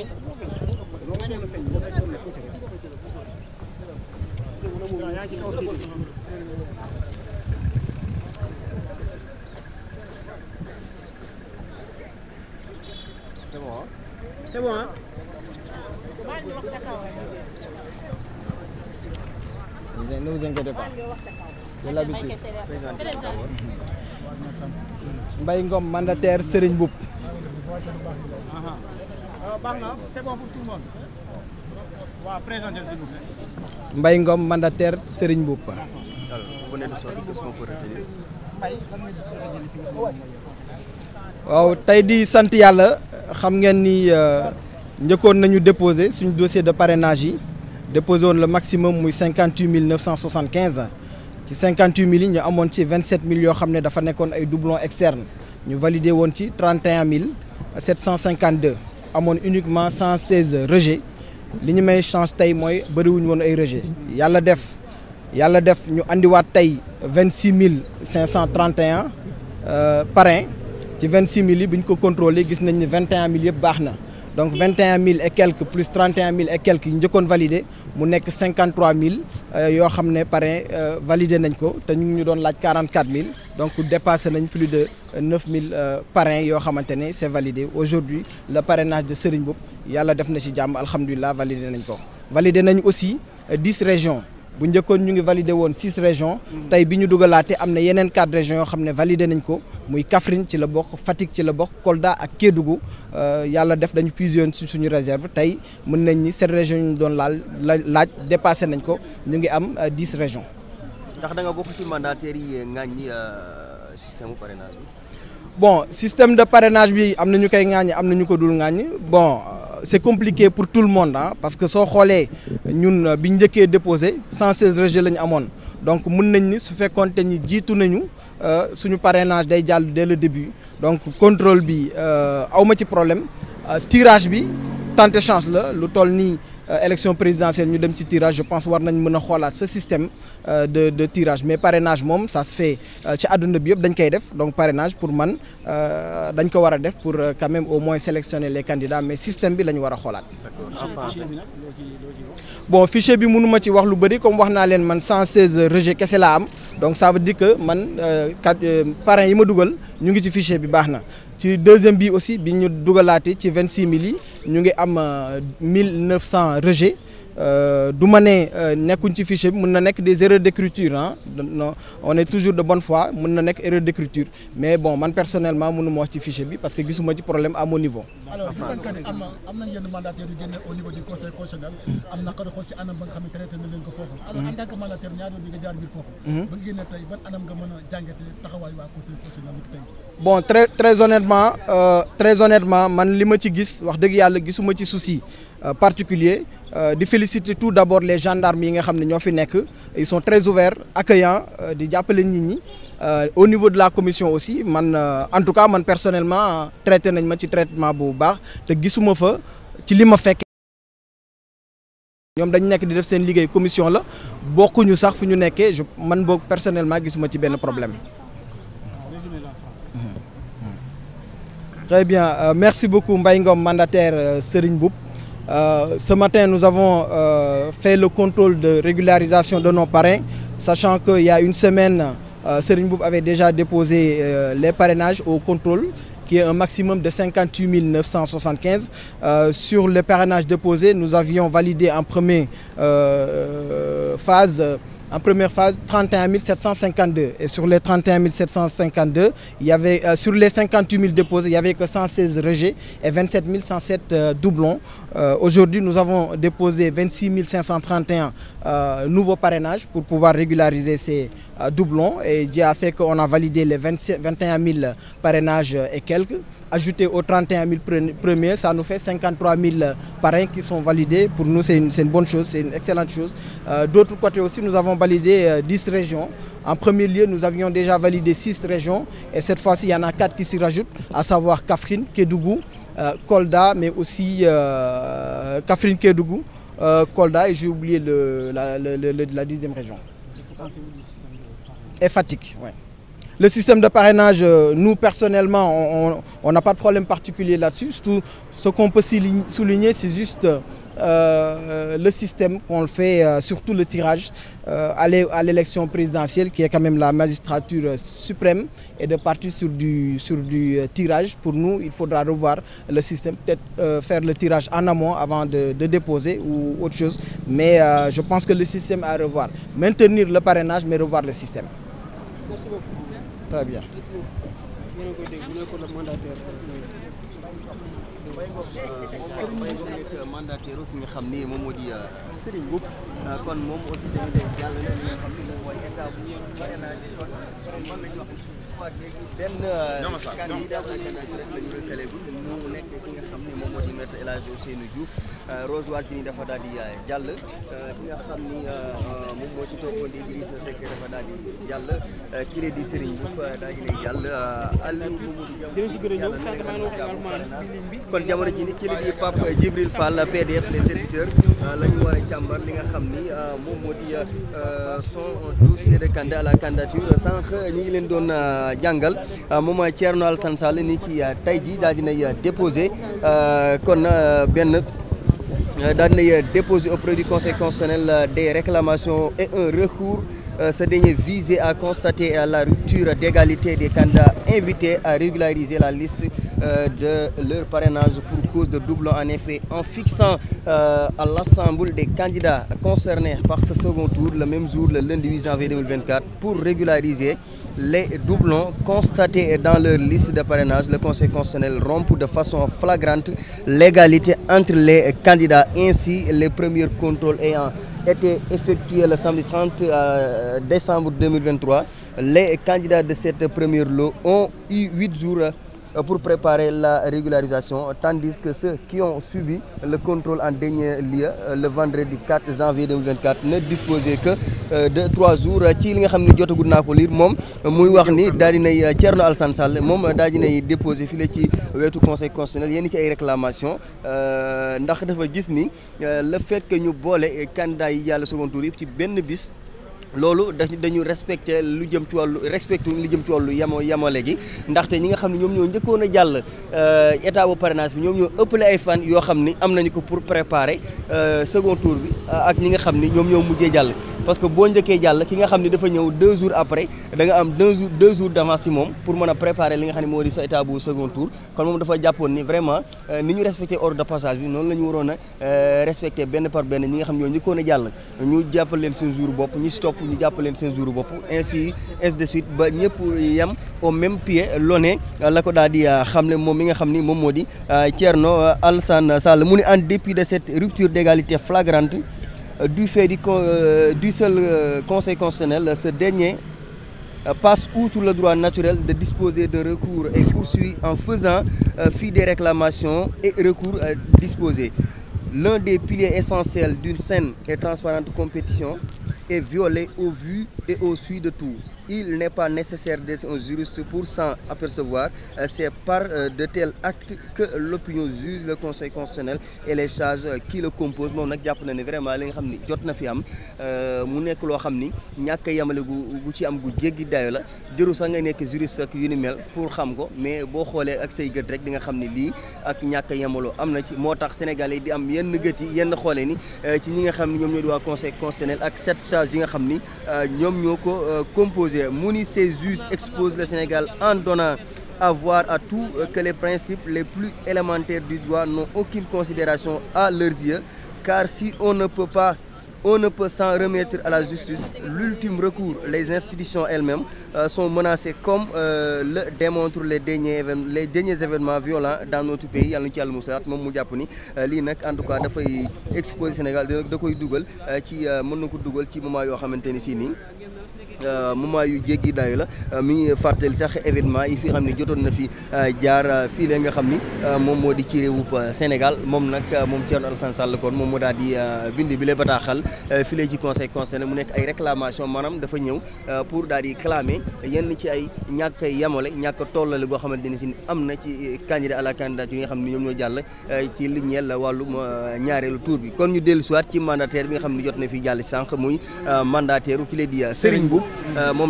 C'est bon, hein? C'est bon, hein? Ne vous Euh, Mbaye Ngom mandataire Serigne Mboup waaw tey di sant yàlla xam ngeen ni euh, njëkkoon nañu déposé suñu dossier de parrainage yi déposé woon le maximum muy cinquante huit mille neuf cent soixante quinze ci cinquante huit mille yi ñu amoon ci vingt sept mille yoo xam ne dafa nekkoon ay doublons externes ñu validé woon ci trente un mille sept cent cinquante deux amoon uniquement cent seize rejets li ñu may chance tey mooy bëriwuñu woon ay rejets yàlla def yàlla def ñu indiwaat tey vingt six mille cinq cent trente et un euh, parrain ci vingt six mille yi bi ñu ko contrôlé gis nañ ni vingt et mille yëpp baax na donc vingt et un mille et quelques plus trente et un mille et quelques yu njëkkoon validé mu nekk cinquante trois mille euh, yoo xam ne parrain euh, validé nañ ko te ñu ngi ñu doon laaj quarante quatre mille donc dépassé nañ plus de neuf mille euh, parrains yoo xamante ne c' est validé aujourd'hui le parrainage de Serigne Mboup yàlla def na ci jàmm alhamdulilah validé nañ ko validé nañ aussi dix régions bu njëkkoon ñu ngi validé woon six régions tey bi ñu dugalaate am na yeneen quatre régions yoo xam ne validé nañ ko muy Kaffrine ci la bokk Fatick ci la bokk Kolda ak Kédougou euh, yàlla def dañu fusionné su suñu réserve tey mën nañ ni seen région ñu doon laal laaj dépassé nañ ko ñu ngi am euh, dix régions. ndax da bokk ci mandataires yi ŋàññi euh, système parrainage bi. bon sistem de parrainage bi am na ñu koy ŋàññi am na ñu ko dul ŋàññi bon. c'est compliqué pour tout le monde ah parce que soo xoolee ñun euh, bi njëkkee déposé 116 rejets la ñu amoon donc mun nañ ni su fekkoon fekkoonte ni jiitu nañu euh, suñu parrainage day jàll de le début donc contrôle bi euh, awma ci problème tirage bi tenter chance la lu toll nii. Euh, élection présidentielle ñu dem ci tirage je pense war nañ mën a xoolaat ce système euh, de de tirage mais parrainage moom ça se fait euh, ci àdduna bi yëpp dañ koy def donc parrainage pour man dañ ko war a def pour quand même au moins sélectionner les candidats mais système bi la ñu war a xoolaat. bon fichier bi mënuma ci wax lu bëri comme wax naa leen man 116 rejet kese laa am. donc ça veut dire que man quatre euh, euh, parrains yi ma dugal ñu ngi ci fichier bi baax na ci deuxième bi aussi bi ñu dugalaate ci vingt six mille ñu ngi am euh, mille neuf cent rejets Euh, du ma ne euh, nekkuñ ci fichier bi mën na nekk des erreurs d'écriture ah non on est toujours de bonne foi mën na nekk erreur mais bon man personnellement mënu ma wax ci fichier bi parce que gisuma ci problème am au niveau am na xarit ci anam ba nga xam ne traité nañ leen mhm. bon très très euh, très honnêtement man li ma ci gis wax dëgg yàlla gisuma ci souci. Euh, particulier euh, di féliciter tout d'abord les gendarmes yi nga xam ne ñoo fi nekk ils sont très ouverts accueillants euh, di jàppale nit ñi au niveau de la commission aussi man en tout cas man personnellement traité nañ ma ci traitement bu baax te gisuma fa ci li ma fekk ñoom dañ nekk di def seen liggéey commission la bokkuñu sax fu ñu nekkee je man boog personnellement gisuma ci benn problème très bien merci beaucoup mbay Ngom mandataire Serigne Mboup Euh, ce matin, nous avons euh, fait le contrôle de régularisation de nos parrains, sachant qu'il y a une semaine, euh, Boub avait déjà déposé euh, les parrainages au contrôle qui est un maximum de 58 975. Euh, sur le parrainage déposé, nous avions validé en première euh, phase En première phase, 31 752. Et sur les 31 752, il y avait, euh, sur les 58 000 déposés, il n'y avait que 116 rejets et 27 107 euh, doublons. Euh, Aujourd'hui, nous avons déposé 26 531 euh, nouveaux parrainages pour pouvoir régulariser ces doublons et Dieu a fait qu'on a validé les 27, 21 000 parrainages et quelques. Ajouté aux 31 000 premiers, ça nous fait 53 000 parrains qui sont validés. Pour nous, c'est une, une, bonne chose, c'est une excellente chose. Euh, D'autre côté aussi, nous avons validé euh, 10 régions. En premier lieu, nous avions déjà validé 6 régions et cette fois-ci, il y en a 4 qui s'y rajoutent, à savoir Kafrine, Kédougou, euh, Kolda, mais aussi euh, Kafrine, Kédougou, euh, Kolda et j'ai oublié le, la, le, le, la 10 région. et Fatick. Le système de parrainage, euh, nous personnellement, on n'a pas de problème particulier là-dessus. ce qu'on peut souligner, c'est juste euh, euh, le système qu'on fait, surtout le tirage euh, à l'élection présidentielle, qui est quand même la magistrature suprême, et de partir sur du, sur du tirage. Pour nous, il faudra revoir le système, peut-être le tirage en amont avant de, de déposer ou autre chose. Mais je pense que le système à revoir. Maintenir le parrainage, mais revoir le système. Merci beaucoup. Très bien. Euh, mandataire ki nga xam ni moom moo di euh, Serigne Mboup euh, kon moom aussi tamit jàll na li nga xam ni mooy état ñu di kon mën nañu wax soit léegi benn candidat bu ñu nekk la ñu rëkkale bi mu nekk ki nga xam ni moom moo di maître El Hadji Ousseynou Euh, Rose Wardini dafa daal di euh, jàll euh, ki nga di Idrissa Seck dafa jàll kii la di Serigne kon jamono ji ni kii la di Pape Djibril Fall PDF les serviteurs la ñu war li nga xam ni moom moo di son dossier de candidat à la candidature sànq ñu ngi leen doon jàngal moom Thierno Alassane Sall ni ki tey ji daal di nay déposé kon benn. Euh, daan nay euh, déposé auprès du conseil constitutionnel euh, des réclamations et un recours Euh, ce dernier visait à constater euh, la rupture d'égalité des candidats invités à régulariser la liste euh, de leur parrainage pour cause de doublon. En effet, en fixant à l'ensemble des candidats concernés par ce second tour le même jour, le lundi 8 janvier 2024, pour régulariser les doublons constatés dans leur liste de parrainage, le Conseil constitutionnel rompt de façon flagrante l'égalité entre les candidats. Ainsi, les premiers contrôles ayant été effectué le samedi 30 euh, décembre 2023. Les candidats de cette première lot ont eu 8 jours Euh, pour préparer la régularisation tandis que ceux qui ont subi le contrôle en dernier lieu euh, le vendredi 4 janvier 2024 ne disposaient que euh, de trois jours ci li nga xam ne jotagul naa ko liir moom muy wax ni daal dinay Thierno Alassane Sall moom daal dinay déposé fii ci wetu conseil constitutionnel yenn ci ay réclamation ndax dafa gis ni la fait que ñu boole candidat yi yàlla second tour yëpp ci benn bis loolu dañu respecté lu jëm ci wàllu respecté lu jëm ci wàllu yamo yamale gi ndaxte ñi nga xam ne ñoom ñoo njëkkoon a jàll euh, état bu parrainage bi ñoom ñoo ëppale ay fan yoo xam ni am nañu ko pour préparer euh, second tour bi euh, ak ñi nga ni ñoom ñoo mujjee jàll parce que boo njëkkee jàll ki nga xam ne dafa ñëw deux jours après da nga am deux jours si moom pour a préparer li nga xam ne moo di sa état bu second tour kon moom ni vraiment ni ñu respecté ordre de bi noonu la ñu waroon a respecté benn par benn nga xam ñoo njëkkoon a jàll ñu jàppal leen seen bopp ñi si topp bopp ñu jàpp leen seen jouru bopp ainsi ainsi de suite ba ñëpp yem au même pied lone la ko daal di euh, xamle moom mi nga xam ni moom moo di euh, Thierno euh, Alassane Sall mu ni en dépit de cette rupture d'égalité flagrante du fait du du seul conseil constitutionnel ce dernier passe outre le droit naturel de disposer de recours et poursuit en faisant fi des réclamations et recours disposés l'un des piliers essentiels d'une saine et transparente compétition et violée au vu et au su de tous. il n'est pas nécessaire d'être un juriste pour s'en euh, par euh, de tels actes que l'opinion juge le conseil constitutionnel et les charges euh, qui le composent moom nag jàpp na ne vraiment li nga xam ni jot na fi am mu nekk loo xam ni ñàkk a gu gu ci am gu jéggi dayo la jëru sax nga nekk juriste ak yu ni mel pour xam ko mais boo xoolee ak say gët rek di nga xam ni lii ak ñàkk a am na ci moo tax Sénégalais yi di am yenn gët yi yenn xoolee ni ci ñi nga xam ni ñoom ñoo di waa conseil constitutionnel ak sept yi nga xam ni juge. Mouni, ces juges expose le Sénégal en donnant à voir à tout euh, que les principes les plus élémentaires du droit n'ont aucune considération à leurs yeux, car si on ne peut pas on ne peut s'en remettre à la justice. L'ultime recours, les institutions elles-mêmes euh, sont menacées comme euh, le démontrent les derniers les derniers événements violents dans notre pays yàlla na ci yàlla musaat moom mu jàpp ni euh, lii nag en tout cas dafay exposer Sénégal da koy dugal euh, ci mën na ko dugal ci moment yoo xamante ni si nii Euh, moment yu jéggi daayu la euh, mi ngi fàttali sax événement yi fi xam ne jotoon na fi euh, jaar fii la nga xam ni moom moo di ci réewub Sénégal moom nag moom Thierno Alassane Sall moom moo daal di bind bi la bataaxal fii la ci conseil concerné mu nekk ay réclamation maanaam dafa ñëw pour daal di clamer yenn ci ay ñàkk yamale ñàkk tollale boo xamante ne si am na ci candidat à la candidature yi nga xam ne ñoom ñoo jàll ci li ñeel wàllum ñaareelu tour bi kon ñu dellu siwaat ci mandataire bi nga xam ne jot na fi jàll sànq muy mandataire u ki la moom